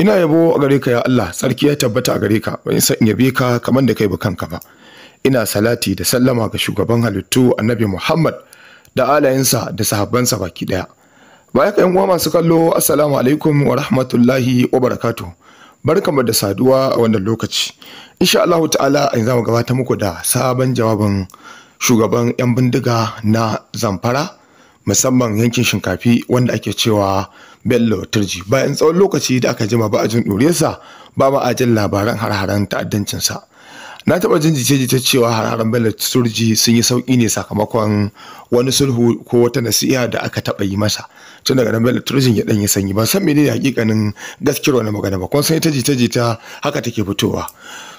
ina yabo a gare ka ya Allah sarki ya tabbata a gare ka ban san in yabe ka kamar da kai ba kanka ba ina salati da sallama ga shugaban halittu annabi Muhammad da alayensa da sahabbansa baki daya baya ka yan uwa masu kallo assalamu alaikum wa rahmatullahi wa barakatuh barkamu da saduwa a wannan lokaci insha Allah ta'ala in mu gabata muku da sabon jawabin shugaban yan bindiga na Zamfara musamman yankin Shinkafi wanda ake cewa bello turji bayan tsawon lokaci da aka jima ba a jin ɗoriyarsa ba ma a jin labaran har-haren sa na taba jin jice-jice cewa harharan bello turji sun yi sauki ne sakamakon wani sulhu ko wata nasiha da aka taba yi masa tun daga nan bello turjin ya yi sanyi ban san menene hakikanin gaskiyar wani magana ba kun san ta jita-jita haka take fitowa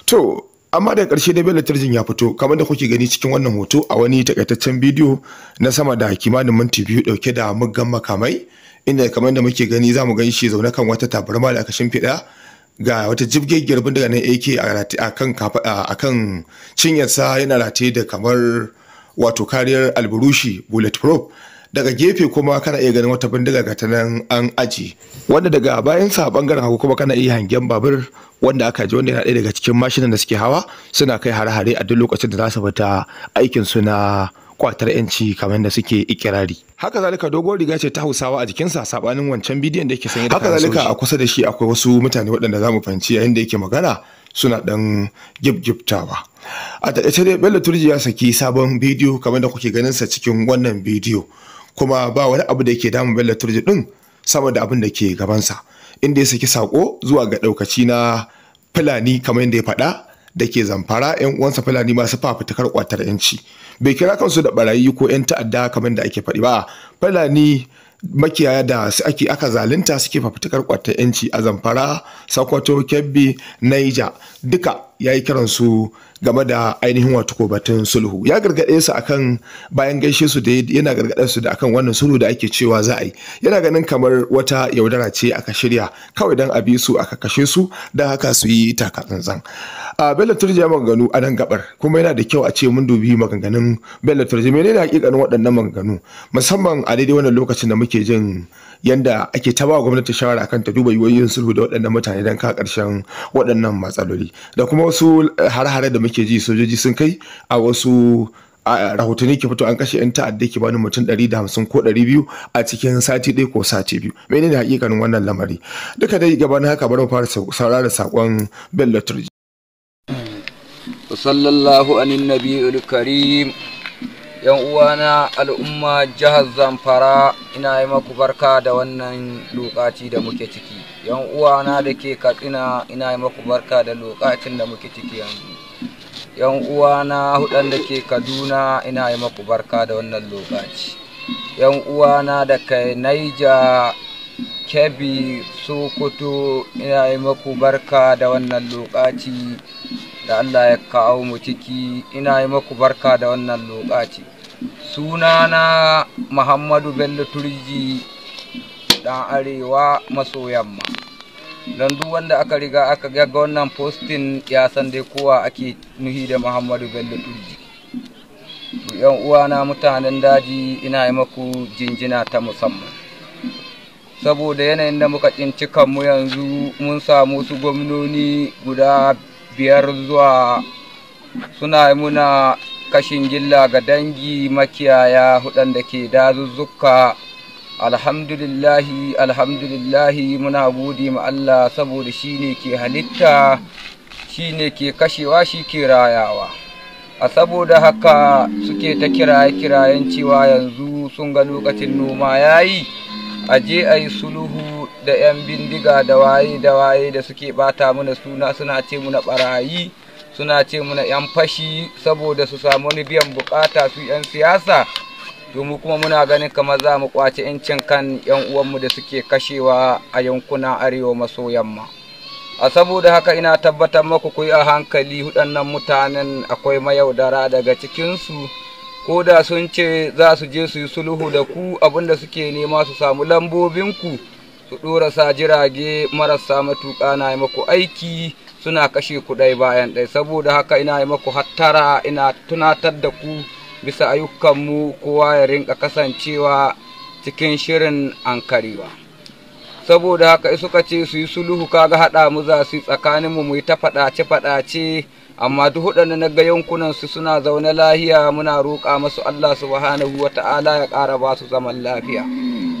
to amma da ƙarshe da bello turjin ya fito kamar da kuke gani cikin wannan hoto a wani takaitaccen bidiyo na sama da kimanin minti biyu dauke da muggan makamai inda kamar da muke gani za mu gan shi zaune kan wata tabarma da aka shimfiɗa ga wata jibgaggiyar bindiga nan AK a kan cinyarsa yana rataye da kamar wato kariyar alburushi bulletproof daga gefe kuma kana iya ganin wata bindiga ga ta nan an aji wanda daga bayan sa bangaren hagu kuma kana iya hangen babur wanda aka ji wanda yana ɗaya daga cikin mashinan da suke hawa suna kai hare-hare a duk lokacin da za su fita aikin su na kwatar yanci kamar da suke ikirari haka zalika dogon riga ce ta hausawa a jikinsa sabanin wancan bidiyon da yake sanye da haka zalika a kusa da shi akwai wasu mutane waɗanda za mu fahimci yayin da yake magana suna ɗan gibgibtawa a taƙaice dai bello turji ya saki sabon bidiyo kamar da kuke ganin sa cikin wannan bidiyo kuma ba wani abu da yake damun bello turji din sama da abin da ke gabansa inda ya saki sako zuwa ga ɗaukaci na fulani kamar yadda ya faɗa da ke zamfara 'yan uwansa fulani masu fafutukar kwatar 'yanci bai kira kansu da barayi ko 'yan ta'adda kamar da ake faɗi ba fulani makiyaya da ake aka zalunta suke fafutukar kwata 'yanci a zamfara sakwato kebbi naija duka ya yi kiransu game da ainihin wato batun sulhu ya gargaɗe su akan bayan gaishe su da yana gargaɗe su da akan wannan sulhu da ake cewa za a yi yana ganin kamar wata yaudara ce aka shirya kawai dan bi su aka kashe su dan haka su yi taka tsantsan a bello turjiya maganganu a nan gabar kuma yana da kyau a ce mun dubi maganganun bello turjiya menene hakikanin waɗannan maganganu musamman a daidai wannan lokacin da muke jin yanda ake ta ba gwamnati shawara kan ta duba yiwuwar yin sulhu da waɗannan mutane don ka ƙarshen waɗannan matsaloli da kuma wasu har hare da muke ji sojoji sun kai a wasu a rahotanni ke fito an kashe 'yan ta'adda ke bani mutum da 150 ko 200 a cikin sati ɗaya ko sati biyu mene ne hakikanin wannan lamari duka dai gabanin haka bari mu fara saurara sakon bello turji sallallahu anin nabiyul karim yan uwana al'umma jihar zamfara ina yi maku barka da wannan lokaci da muke ciki yan uwana da ke katsina ina yi maku barka da lokacin da muke ciki yanzu yan uwana hudan da ke kaduna ina yi maku barka da wannan lokaci yan uwana da ke naija kebbi sokoto ina yi maku barka da wannan lokaci da allah ya kawo mu ciki ina yi maku barka da wannan lokaci sunana muhammadu bello turji dan arewa maso yamma don duk wanda aka riga aka ga wannan postin ya san dai kowa ake nuhi da muhammadu bello turji yan uwana mutanen daji ina yi maku jinjina ta musamman saboda yanayin da muka cinci mu yanzu mun samu su gwamnoni guda biyar zuwa suna yi muna kashin gilla ga dangi makiyaya da ke dazuzzuka alhamdulillahi alhamdulillahi muna gode ma Allah saboda shi ne ke halitta shi ne ke kashewa shi ke rayawa a saboda haka suke ta kiraye-kirayen cewa yanzu sun ga lokacin noma ya yi a je a yi suluhu da 'yan bindiga da waye da waye da suke bata mana suna suna ce muna barayi suna ce muna 'yan fashi saboda su samu wani biyan bukata su 'yan siyasa domin kuma muna ganin kamar za mu kwaci 'yancin kan 'yan uwanmu da suke kashewa a yankunan arewa maso yamma a saboda haka ina tabbatar maku ku yi a hankali hudannan mutanen akwai mayaudara daga cikinsu ko da sun ce za su je su yi sulhu da ku abinda suke nema su samu lambobin ku su dora sa jirage marasa matuƙa na yi maku aiki suna kashe ku ɗai bayan ɗai saboda haka ina yi maku hattara ina tunatar da ku bisa ayyukanmu kowa ya rinka kasancewa cikin shirin ankarewa saboda haka suka ce su yi suluhu kaga haɗa mu za su yi tsakaninmu mu yi ta faɗace-faɗace amma duk hudanne na ga yankunan su suna zaune lahiya muna roƙa masu Allah subhanahu ta'ala ya ƙara ba su zaman lafiya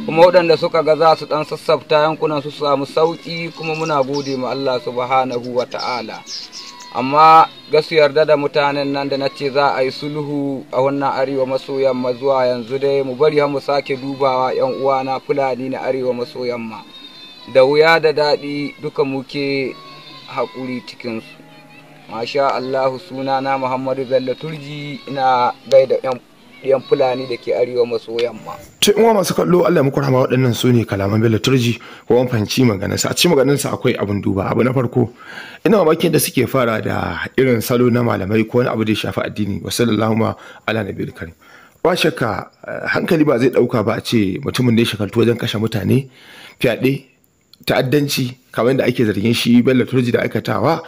kuma waɗanda suka ga za su ɗan sassafta yankunan su samu sauƙi kuma muna gode ma Allah subhanahu ta'ala. amma gasu yarda da mutanen nan da na ce za a yi sulhu a wannan arewa maso yamma zuwa yanzu dai mu bari mu sake dubawa yan uwana fulani na arewa maso yamma da wuya da daɗi duka muke haƙuri cikinsu masha allahu suna na muhammadu bello turji ina gaida yan yan fulani da ke arewa maso yamma. ce uwa masu kallo allah muku rahama waɗannan su ne kalaman bello turji ko wani fahimci maganarsa a ci cikin maganarsa akwai abun duba abu na farko ina mamakin da suke fara da irin salo na malamai ko wani abu da ya shafi addini wasu lallahuma ala nabil karim ba shakka eh, hankali ba zai ɗauka ba a ce mutumin da ya shakaltu wajen kashe mutane fyaɗe ta'addanci kamar da ake zargin shi bello turji da aikatawa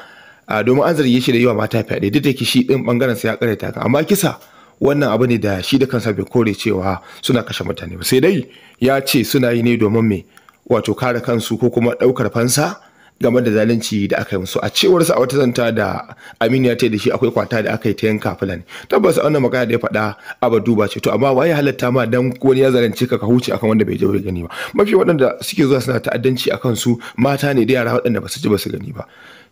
ah, domin an zarge shi da yi wa mata fyaɗe duk da ke shi ɗin ɓangaren sa ya ta amma kisa wannan abu ne da shi da kansa bai kore cewa suna kashe mutane ba sai dai ya ce suna yi ne domin me wato kare kansu ko kuma ɗaukar fansa game da zalunci da aka yi musu a cewar sa a wata zanta da Aminu ya ce da shi akwai kwata da aka yi ta yanka fulani tabbas wannan magana da ya faɗa ba duba ce to amma ya halatta ma dan wani ya zalunce ka ka huce akan wanda bai je gani ba mafi waɗanda suke zuwa suna ta'addanci akan su mata ne da yara waɗanda ba su ji ba su gani ba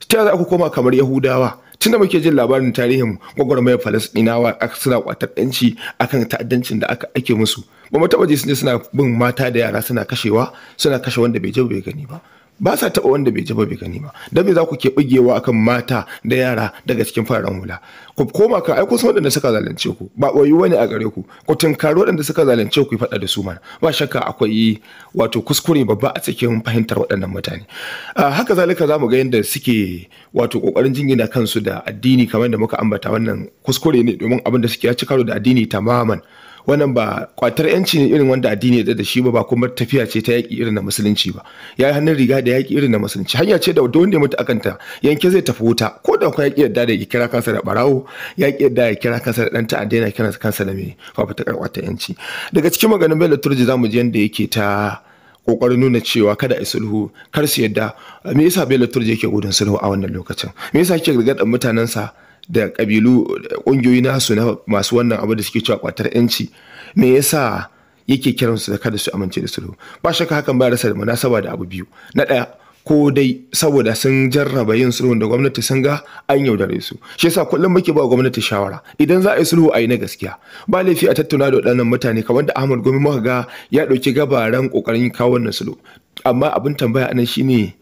ta za ku koma kamar Yahudawa tunda muke jin labarin tarihin gwagwarmayar falasɗinawa aka suna kwatar yanci akan ta'addancin da aka ake musu ba mu taɓa ji sun suna bin mata da yara suna kashewa suna kashe wanda bai je bai gani ba ba sa taɓa wanda bai ji ba bai gani ba dan me za ku ke bigewa akan mata da yara daga cikin fararen hula ku koma ka ai kun san waɗanda suka zalunce ku ba wayu wani a gare ku ku tunkari waɗanda suka zalunce ku faɗa da su mana ba shakka akwai wato kuskure babba a cikin fahimtar waɗannan mutane a ah, haka zalika za mu ga yadda suke wato ƙoƙarin jingina kansu da addini kamar da muka ambata wannan kuskure ne domin abin da suke ya ci karo da addini tamaman wannan ba kwatar yanci ne irin wanda addini ya da shi ba kuma tafiya ce ta yaƙi irin na musulunci ba ya yi hannun riga da yaƙi irin na musulunci hanya ce da wanda ya mutu a ta yanke zai tafi wuta ko da kuma yaƙi yadda da ya kira kansa da barawo yaƙi yadda ya kira kansa da ɗan ta'adda yana kira kansa da mai fafutukar kwatar yanci daga cikin maganin bello turji za mu ji yadda yake ta kokarin nuna cewa kada a sulhu kar su yadda me yasa bello turji yake gudun sulhu a wannan lokacin me yasa yake rigar mutanen sa da kabilu kungiyoyi nasu na masu wannan abu da suke cewa kwatar yanci me yasa yake kiran su da kada su amince da sulhu ba shakka hakan ba rasa da munasaba da abu biyu na daya ko dai saboda sun jarraba yin sulhu da gwamnati sun ga an yaudare su shi yasa kullum muke ba gwamnati shawara idan za a yi sulhu a yi na gaskiya ba laifi a tattauna da waɗannan mutane kamar da Ahmad Gombe muka ga ya ɗauki gabaran kokarin kawo wannan sulhu amma abin tambaya anan shine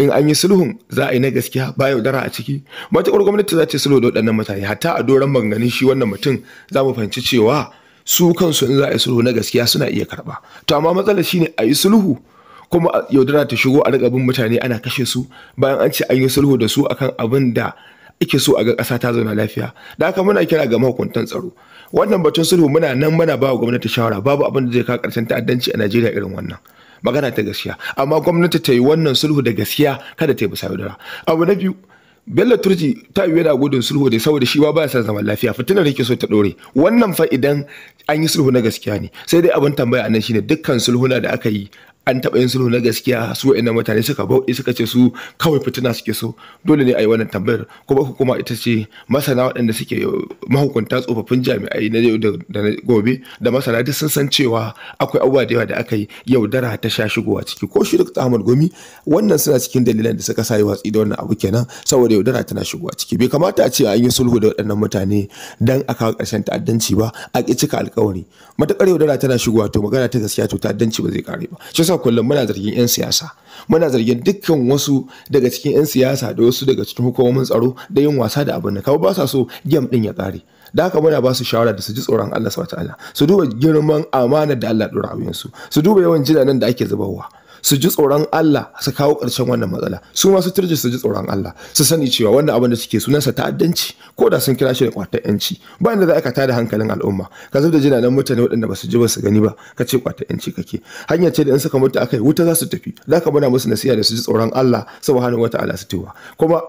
in an yi sulhun za a yi na gaskiya ba yaudara a ciki matuƙar gwamnati za ta sulhu da waɗannan mutane hatta a doron maganganun shi wannan mutum za mu fahimci cewa su kansu in za a yi sulhu na gaskiya suna iya karɓa to amma matsalar shine a yi sulhu kuma yaudara ta shigo a riƙa bin mutane ana kashe su bayan an ce an yi sulhu da su akan abin da ake so a ga ƙasa ta zauna lafiya da haka muna kira ga mahukuntan tsaro wannan batun sulhu muna nan muna ba wa gwamnati shawara babu abin da zai kawo ƙarshen ta'addanci a najeriya irin wannan magana ta gaskiya amma gwamnati ta yi wannan sulhu da gaskiya kada ta yi bisa yaudara abu na biyu bello turji ta yi yana gudun sulhu da saboda shi ba ya san zaman lafiya fitinar yake so ta dore wannan fa idan an yi sulhu na gaskiya ne sai dai abin tambaya anan shine dukkan sulhuna da aka yi an taɓa yin sulhu na gaskiya su wa'annan mutane suka bauɗe suka ce su kawai fitina suke so dole ne a yi wannan tambayar ko kuma ita ce masana waɗanda suke mahukunta tsofaffin jami'ai na yau da gobe da masana duk sun san cewa akwai abubuwa da yawa da aka yi yaudara ta sha shigowa ciki ko shi duk Ahmad Gomi wannan suna cikin dalilan da suka sa yi watsi da wannan abu kenan saboda yaudara tana shigowa ciki bai kamata a ce an yi sulhu da waɗannan mutane dan a kawo ƙarshen ta'addanci ba a ƙi cika alƙawari matakar yaudara tana shigowa to magana ta gaskiya to ta'addanci ba zai kare ba yasa kullum muna zargin 'yan siyasa muna zargin dukkan wasu daga cikin 'yan siyasa da wasu daga cikin hukumomin tsaro da yin wasa da abin da kawai ba sa so gem din ya kare da haka muna ba su shawara da su ji tsoron Allah subhanahu su duba girman amana da Allah dora abin su su duba yawan jinanan da ake zubarwa su ji tsoron Allah su kawo ƙarshen wannan matsala su ma su turji su ji tsoron Allah su sani cewa wannan abin da suke sunansa ta'addanci ko da sun kira shi da ƙwatar yanci ba inda za ka tada hankalin al'umma ka zub da jinanan mutane waɗanda ba su ji ba su gani ba ka ce kwata yanci kake hanya ce da in suka mutu akai wuta za su tafi za ka muna musu nasiha da su ji tsoron Allah subhanahu wataala su tuwa kuma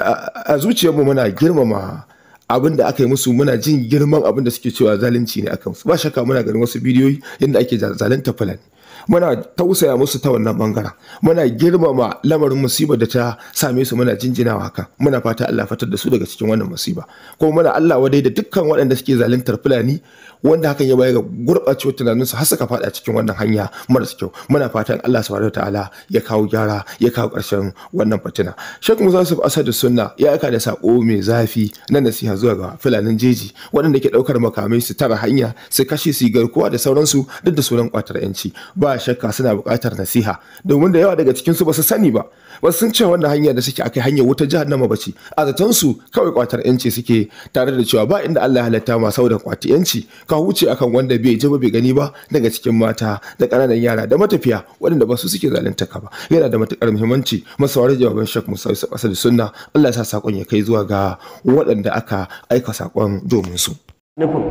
a zuciyarmu muna girmama abin da aka yi musu muna jin girman abin da suke cewa zalunci ne akan su ba shakka muna ganin wasu bidiyoyi yadda ake zalunta fulani muna tausaya musu ta wannan bangaren muna girmama lamarin musiba da ta same su muna jinjinawa haka muna fata Allah fatar da su daga cikin wannan musiba kuma muna Allah wadai da dukkan waɗanda suke zaluntar fulani wanda hakan ya bayar ga gurɓacewar tunaninsu har suka faɗa cikin wannan hanya marasa kyau muna fatan Allah su subhanahu ta'ala ya kawo gyara ya kawo ƙarshen wannan fitina Sheikh Musa Yusuf Asadu Sunna ya aika da sako mai zafi na nasiha zuwa ga fulanin jeji waɗanda ke ɗaukar makamai su tara hanya su kashe su garkuwa da sauransu duk da sunan kwatar yanci ba shakka suna buƙatar nasiha domin da yawa daga cikin su ba su sani ba ba sun ce wannan hanya da suke akai hanyar wuta jahannama ba ce a zaton su kawai kwatar yanci suke tare da cewa ba inda Allah ya halatta masu saboda kwatar yanci ka wuce akan wanda bai je ba bai gani ba daga cikin mata da ƙananan yara da matafiya waɗanda ba su suke zalunta ka ba yana da matukar muhimmanci masawarar jawaban shak musa yusuf sunna allah sa saƙon ya kai zuwa ga waɗanda aka aika saƙon domin su. nufin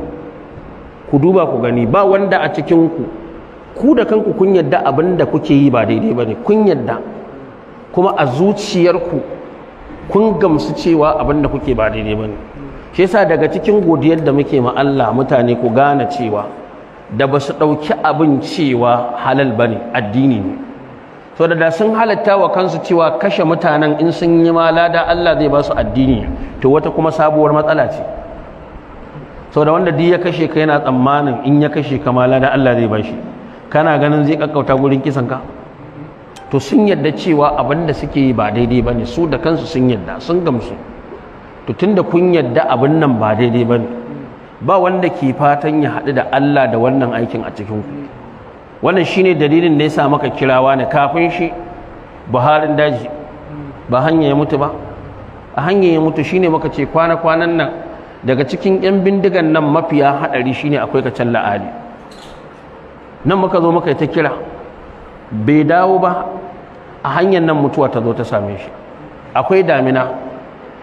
ku duba ku gani ba wanda a cikin ku ku da kanku kun yadda abin da kuke yi ba daidai ba ne kun yadda kuma a zuciyarku kun gamsu cewa abin da kuke ba daidai ba ne shi yasa daga cikin godiyar da muke ma Allah mutane ku gane cewa da ba su ɗauki abin cewa halal ba ne addini ne to da da sun halatta wa kansu cewa kashe mutanen in sun yi ma lada Allah zai ba su addini to wata kuma sabuwar matsala ce sau da wanda duk ya kashe ka yana tsammanin in ya kashe ka ma lada Allah zai ba shi kana ganin zai kakkauta gurin kisan ka to sun yadda cewa abin da suke yi ba daidai ba ne su da kansu sun yadda sun gamsu to tunda kun yadda abin nan ba daidai ba ba wanda ke fatan ya haɗu da Allah da wannan aikin a cikin ku wannan shine dalilin da yasa maka kirawa ne kafin shi Buharin daji ba hanya ya mutu ba a hanya ya mutu shine maka ce kwana-kwanan nan daga cikin yan bindigan nan mafiya haɗari shine akwai kacan la'ali nan muka zo muka yi ta kira bai dawo ba a hanyar nan mutuwa ta zo ta same shi akwai damina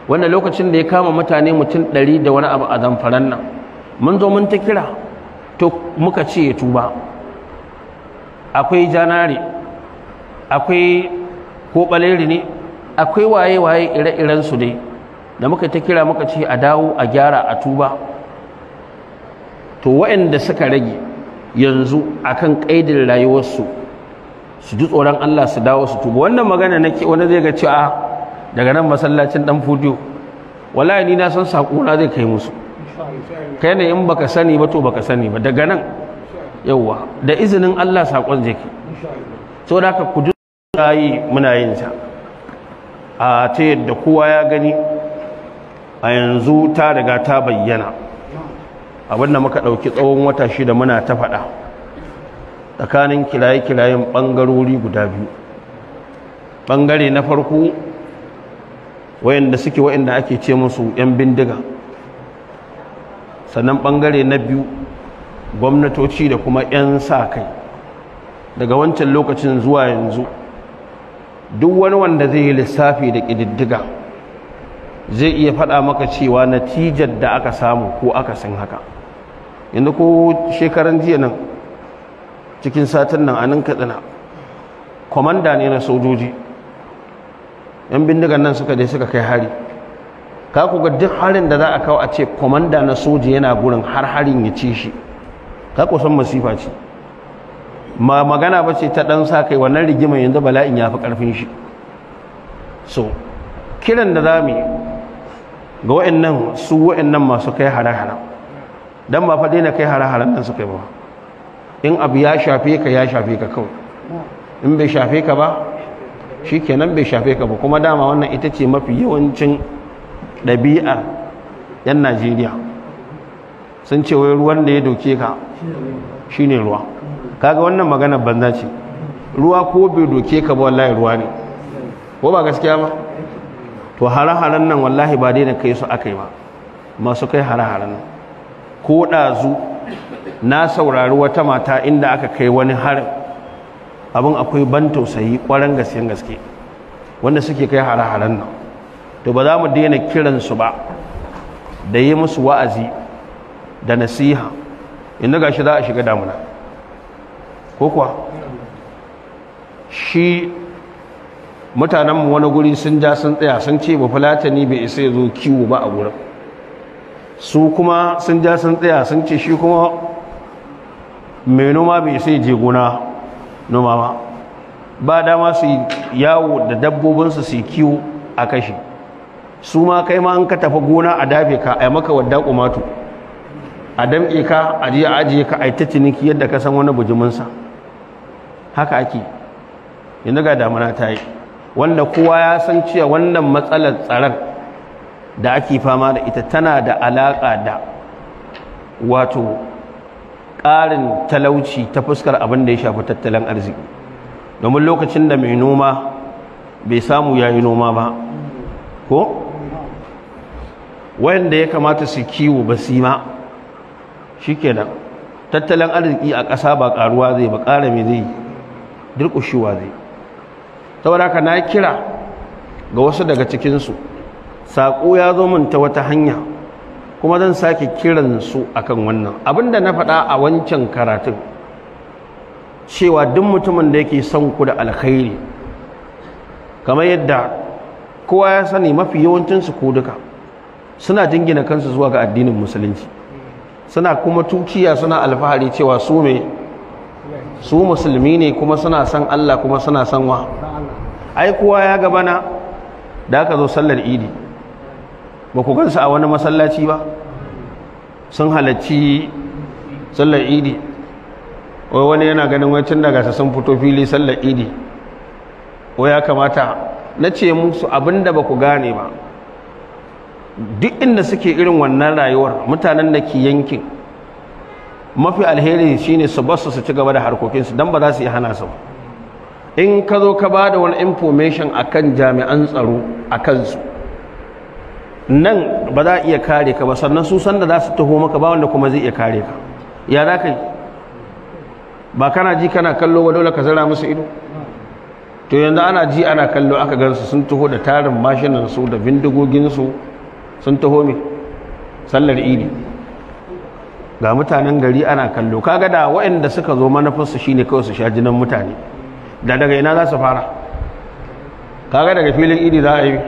wannan lokacin da ya kama mutane mutum ɗari da wani abu a zamfaran nan mun zo mun ta kira to muka ce ya tuba akwai janare akwai ko ne akwai waye-waye ire-irensu dai da muka ta kira muka ce a dawo a gyara a tuba to waɗanda suka rage yanzu akan ƙaidin rayuwarsu su ji tsoron Allah su dawo su tuba wannan magana nake wani zai ga cewa daga nan masallacin dan fudiyo wallahi ni na san na zai kai musu kai ne in baka sani ba to baka sani ba daga nan yawwa da izinin Allah sakon zai ki so da ka yi muna yin sa a ta yadda kowa ya gani a yanzu ta riga ta bayyana abinda muka ɗauki tsawon wata shida muna ta faɗa tsakanin kiraye-kirayen ɓangarori guda biyu ɓangare na farko wayanda suke wayanda ake ce musu 'yan bindiga sannan ɓangare na biyu gwamnatoci da kuma 'yan sa kai daga wancan lokacin zuwa yanzu duk wani wanda zai yi lissafi da ƙididdiga zai iya faɗa maka cewa natijar da aka samu ko aka san haka yanzu ko shekaran jiya nan cikin satin nan a nan katsina kwamanda ne na sojoji yan bindigan nan suka je suka kai hari ka ku ga duk harin da za a kawo a ce kwamanda na soja yana gurin har harin ya ci shi ka ku san masifa ce ma magana ba ce ta ɗan sa kai wannan rigimar yanzu bala'in ya fi ƙarfin shi so kiran da za mu ga wa'annan su wa'annan masu kai hare-hare ba faɗi na kai hare-haren nan su kai ba in abu ya shafe ka ya shafe ka kawai in bai shafe ka ba shikenan bai shafe ka ba kuma dama wannan ita ce mafi yawancin ɗabi'ar 'yan najeriya sun ce wai ruwan da ya doke ka shine ruwa kaga wannan magana banza ce ruwa ko bai doke ka ba wallahi ruwa ne ko ba gaskiya ba to hare-haren nan wallahi ba daina kai su aka yi ba masu kai hare-haren nan ko ɗazu na saurari wata mata inda aka kai wani harin abin akwai ban tausayi ƙwarar gaskiyan gaske wanda suke kai hare-haren nan to ba za mu daina kiransu ba da yi musu wa'azi da nasiha inda gashi za a shiga damuna ko kuwa shi mutanenmu wani guri sun ja sun tsaya sun ce ba fulatani bai isa ya zo kiwo ba a gurin su kuma sun ja sun tsaya sun ce shi kuma mai noma bai isa ya je gona noma ba dama su yawo da dabbobinsu su kiwo a kashi su ma kai ma an ka tafi gona a dafe ka a maka wadda kumatu a damƙe ka a ajiye ka a ta ciniki yadda ka san wani bujiminsa haka ake yanzu ga damuna ta yi wanda kowa ya san cewa wannan matsalar tsaron da ake fama da ita tana da alaƙa da wato ƙarin talauci ta fuskar abin da ya shafi tattalin arziki domin lokacin da mai noma bai samu ya yi noma ba ko wanda ya kamata su kiwo ba su ma shi kenan tattalin arziki a ƙasa ba ƙaruwa zai ba ƙara mai zai durƙushewa zai ta wadaka na kira ga wasu daga cikinsu saƙo ya zo min ta wata hanya kuma zan sake kiran su akan wannan abinda na faɗa a wancan karatun cewa duk mutumin da yake son ku da alkhairi kamar yadda kowa ya sani mafi yawancinsu ko duka suna jingina kansu zuwa ga addinin musulunci suna kuma tuciya suna alfahari cewa su me su musulmi ne kuma suna san Allah kuma suna san wa ai kowa ya gabana da aka zo sallar idi ba ku gansu a wani masallaci ba sun halarci sallar idi wai wani yana ganin wancan daga su sun fito fili sallar idi wai ya kamata na ce musu abinda ba ku gane ba duk inda suke irin wannan rayuwar mutanen da ke yankin mafi alheri shine su basu su ci gaba da harkokinsu don ba za su yi hana su in ka zo ka ba da wani information akan jami'an tsaro a kansu nan ba za a iya kare ka ba sannan su sanda za su taho maka ba wanda kuma zai iya kare ka ya za ka yi ba kana ji kana kallo ba dole ka zara musu ido to yanzu ana ji ana kallo aka gansu sun taho da tarin mashinansu da bindigoginsu sun taho mai sallar idi ga mutanen gari ana kallo kaga da waɗanda suka zo manufarsu shine kawai su sha jinan mutane da daga ina za su fara kaga daga filin idi za a yi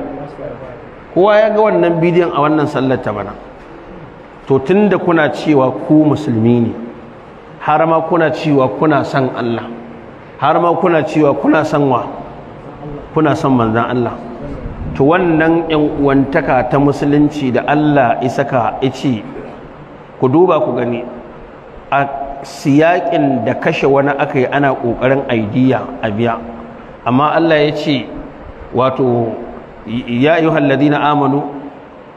kowa ya ga wannan bidiyon a wannan sallar ta bana to tunda kuna cewa ku musulmi ne har ma kuna cewa kuna son Allah har ma kuna cewa kuna son wa kuna son manzon Allah to wannan yan uwantaka ta musulunci da Allah isaka ice ku duba ku gani a siyakin da kashe wani aka yi ana ƙoƙarin aidiya a biya amma Allah ya ce wato ya ayyuhal ladina amanu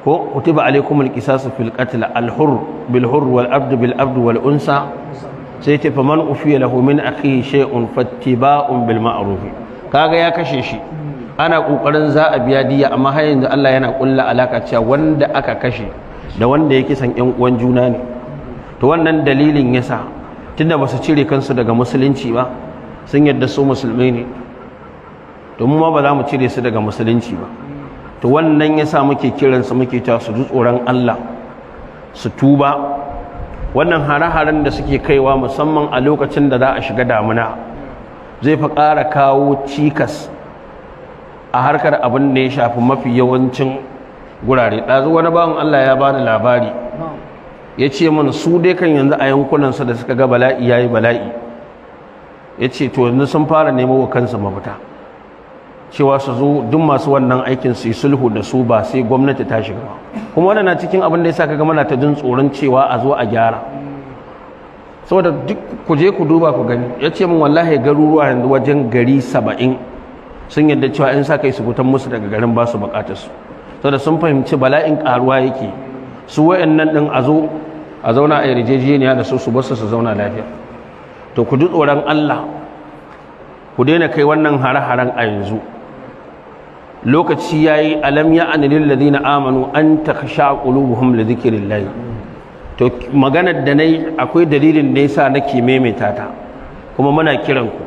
ko kutiba alaikum alqisas fil qatl al hur bil hur wal abd bil abd wal unsa sai ta fa man ufiya lahu min akhi shay'un fattiba'un kaga ya kashe shi ana kokarin za a biya diyya, amma har Allah yana kulla alaka cewa wanda aka kashe da wanda ya kisan yan uwan juna ne to wannan dalilin ya sa tunda basu cire kansu daga musulunci ba sun yadda su musulmai ne mu ma ba za mu cire su daga musulunci ba to wannan ya sa muke kiran su muke ta su tsoron Allah su tuba wannan hare-haren da suke kaiwa musamman a lokacin da za a shiga damuna zai fi ƙara kawo cikas a harkar abin da ya shafi mafi yawancin gurare ɗazu wani bawan Allah ya bani labari ya ce min su dai kan yanzu a yankunansa da suka ga bala'i ya yi bala'i ya ce to yanzu sun fara nemo wa kansu mafita cewa su zo duk masu wannan aikin su yi sulhu da su ba sai gwamnati ta shiga ba kuma wannan na cikin abin da ka gama na ta jin tsoron cewa a zo a gyara saboda duk ku je ku duba ku gani ya ce min wallahi garuruwa yanzu wajen gari saba'in sun yadda cewa in sa kai su fitan musu daga garin ba su bukatar su saboda sun fahimci bala'in karuwa yake su wayannan din a zo a zauna a yarjejeniya da su su basu su zauna lafiya to ku ji tsoron Allah ku daina kai wannan hare-haren a yanzu lokaci ya yayi alam ya anil na amanu an takhsha qulubuhum li dhikrillah to maganar da nayi akwai dalilin da yasa nake maimaita ta kuma muna kiran ku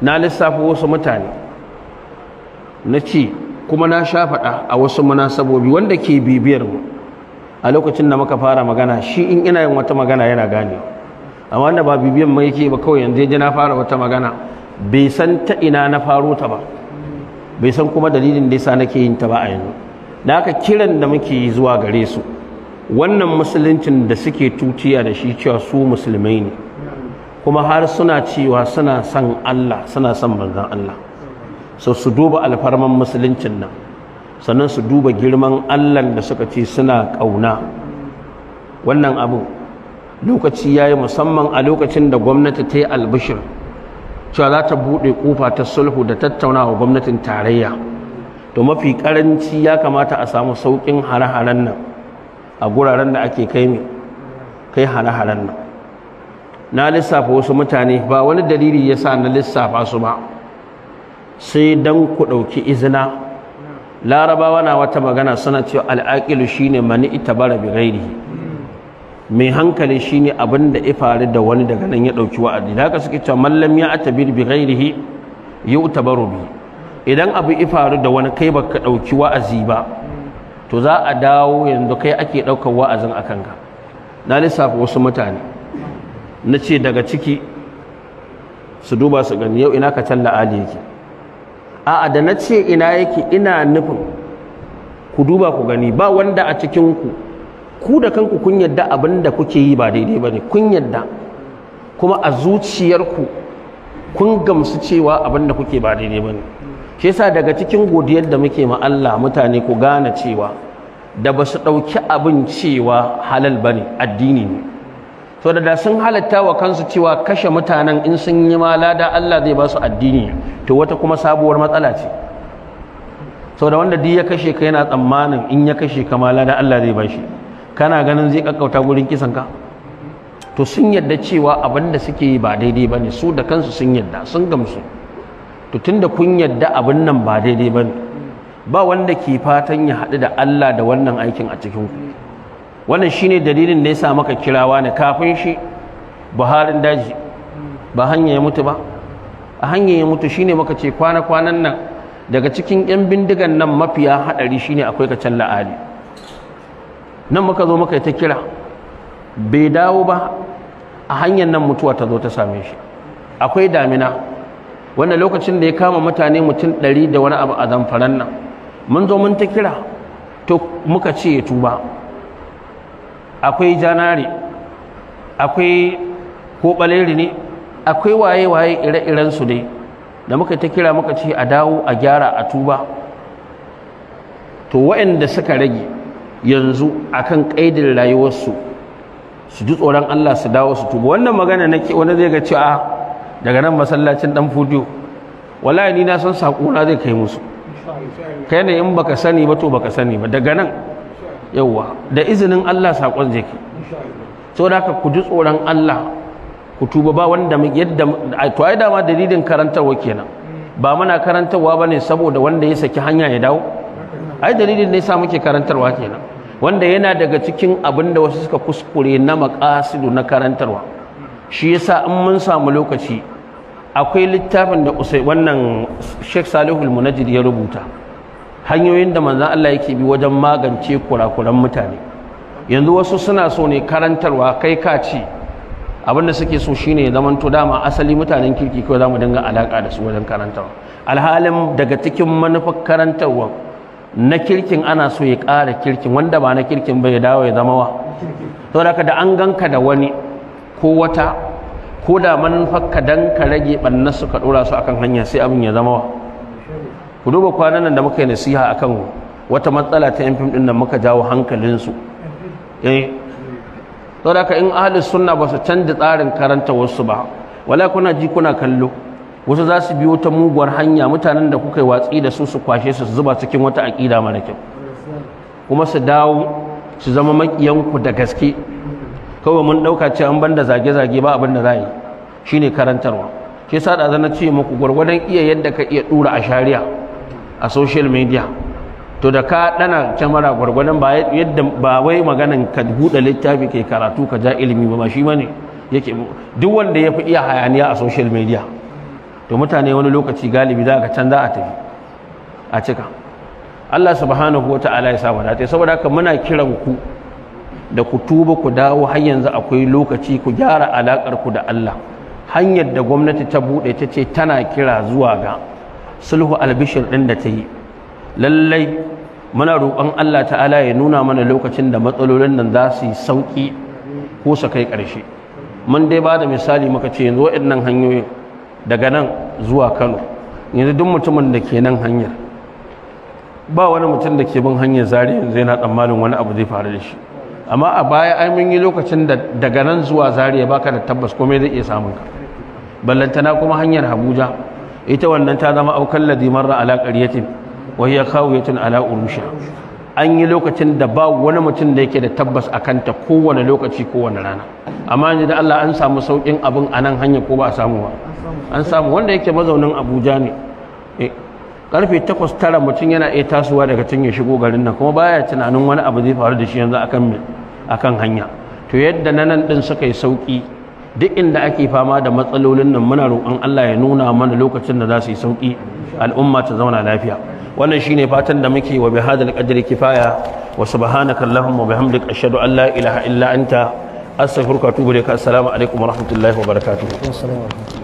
na lissafo wasu mutane na ce kuma na sha faɗa a wasu munasabobi wanda ke bibiyar mu a lokacin da muka fara magana shi in ina yin wata magana yana gane amma wanda ba bibiyan mai yake ba kawai yanzu ya na fara wata magana bai san ta ina na faro ta ba bai san kuma dalilin da yasa nake yin ta ba a yanzu da haka kiran da muke yi zuwa gare su wannan musuluncin da suke tutiya da shi cewa su musulmai ne kuma har suna cewa suna son Allah suna son manzon Allah so su duba alfarman musuluncin nan sannan su duba girman Allah da suka ce suna ƙauna wannan abu lokaci yayi musamman a lokacin da gwamnati ta yi albishir cewa za ta buɗe ƙofa ta sulhu da tattaunawa gwamnatin tarayya to mafi ƙaranci ya kamata a samu sauƙin hare-haren nan a guraren da ake kai kai hare-haren nan na lissafa wasu mutane ba wani dalili ya sa na lissafa su ba sai don ku ɗauki izina larabawa na wata magana suna cewa al'aƙilu shine mani ita bara bi mai hankali shine abin da ya faru da wani daga nan ya dauki wa'adi da haka suke cewa mallam ya atabir bi ghairihi yutabaru bi idan abu ya faru da wani kai baka ɗauki wa'azi ba to za a dawo yanzu kai ake daukar wa'azin akan ka na lissafa wasu mutane na ce daga ciki su duba su gani yau ina ka talla ali yake a'a da na ce ina yake ina nufin ku duba ku gani ba wanda a cikin ku ku da kanku kun yadda abin da kuke yi ba daidai ba ne kun yadda kuma a zuciyarku kun gamsu cewa abin da kuke ba daidai ba ne shi yasa daga cikin godiyar da muke ma Allah mutane ku gane cewa da ba su ɗauki abin cewa halal ba ne addini ne to da sun halatta wa kansu cewa kashe mutanen in sun yi ma lada Allah zai ba su addini to wata kuma sabuwar matsala ce da wanda duk ya kashe ka yana tsammanin in ya kashe ka ma lada Allah zai ba shi kana ganin zai kakkauta gurin kisan ka to sun yadda cewa abin suke yi ba daidai ba ne su da kansu sun yadda sun gamsu to tun kun yadda abin nan ba daidai ba ne ba wanda ke fatan ya haɗu da Allah da wannan aikin a cikin ku wannan shine dalilin da ya sa maka kirawa ne kafin shi buharin daji ba hanya ya mutu ba a hanya ya mutu shine maka ce kwana-kwanan nan daga cikin 'yan bindigan nan mafiya haɗari shine akwai kacan la'ali nan muka zo muka yi ta kira bai dawo ba a hanyar nan mutuwa ta zo ta same shi akwai damina wanda lokacin da ya kama mutane mutum ɗari da wani abu a zamfaran nan mun zo mun ta kira to muka ce ya tuba akwai janare akwai ko ne akwai waye-waye ire-irensu dai da muka ta kira muka ce a dawo a gyara a tuba to waɗanda suka rage yanzu akan kaidin rayuwarsu su ji tsoron Allah su dawo su tuba wannan magana nake wani zai ga cewa ah, daga nan masallacin dan fudiyo wallahi ni na san sako na zai kai musu kai ne in baka sani ba to baka sani ba daga nan yawa da izinin Allah sakon zai kai saboda haka ku ji tsoron Allah ku tuba ba wanda yadda to ai dama dalilin karantarwa kenan ba muna karantarwa bane saboda wanda ya saki hanya ya dawo ai dalilin ne sa muke karantarwa kenan wanda yana daga cikin abin da wasu suka kuskure na makasidu na karantarwa shi yasa in mun samu lokaci akwai littafin da usai wannan Sheikh al Munajjid ya rubuta hanyoyin da manzon Allah yake bi wajen magance kurakuran mutane yanzu wasu suna so ne karantarwa kai ka ce abin suke so shine ya zamanto dama asali mutanen kirki kawai za mu dinga alaka da su wajen karantarwa alhalin daga cikin manufar karantarwa na kirkin ana so ya ƙara kirkin wanda ba na kirkin bai dawo ya zama wa to da da an ganka da wani ko wata ko da manufarka dan ka rage ɓannar su ka ɗora su akan hanya sai abin ya zama wa ku duba kwanan nan da muka yi nasiha akan wata matsala ta yan fim ɗin da muka jawo hankalinsu eh to da in ahlus sunna ba su canza tsarin karanta wasu ba wala kuna ji kuna kallo wasu za su biyo ta muguwar hanya mutanen da kuka yi watsi da su su kwashe su zuba cikin wata aƙida mara kyau kuma su dawo su zama makiyanku da gaske kawai mun ɗauka ce an banda zage-zage ba abin da za yi shine karantarwa shi sa da zana ce muku gwargwadon iya yadda ka iya dura a shari'a a social media to da ka ɗana kyamara gwargwadon ba yadda ba wai maganan ka buɗe littafi kai karatu ka ja ilimi ba ba shi ne yake duk wanda ya fi iya hayaniya a social media to mutane wani lokaci galibi za ka can za a tafi a cika Allah subhanahu wata'ala ya saba da saboda haka muna kiran ku da ku tuba ku dawo har yanzu akwai lokaci ku gyara alakar ku da Allah hanyar da gwamnati ta buɗe ta ce tana kira zuwa ga sulhu albishir ɗin da ta yi lallai muna roƙon Allah ta'ala ya nuna mana lokacin da matsalolin nan za su yi sauƙi ko su kai ƙarshe mun dai ba da misali muka ce yanzu waɗannan hanyoyin daga nan zuwa kano yanzu duk mutumin da ke nan hanyar ba wani mutum da ke bin hanyar zari yanzu yana tsammanin wani abu zai faru da shi amma a baya ai mun yi lokacin da daga nan zuwa zariya baka da tabbas komai zai iya samun ka ballantana kuma hanyar abuja ita wannan ta zama aukan ladimar ala wai wa hiya khawiyatun ala urusha an yi lokacin da ba wani mutum da yake da tabbas a kanta kowane lokaci kowane rana amma yanzu da Allah an samu saukin abin a nan hanya ko ba a samu ba an samu wanda yake mazaunin Abuja ne eh, karfe takwas mutum yana iya tasowa daga can ya shigo garin nan kuma baya tunanin wani abu zai faru da shi yanzu akan akan hanya to yadda na nan din suka yi sauki duk inda ake fama da matsalolin nan muna roƙon Allah ya nuna mana lokacin da za su yi sauki al'umma ta zauna lafiya wannan shine fatan da muke wa bihadal qadri kifaya wa subhanaka allahumma bihamdik ashhadu an la ilaha illa anta astaghfiruka wa atubu ilaik assalamu alaikum wa rahmatullahi wa barakatuh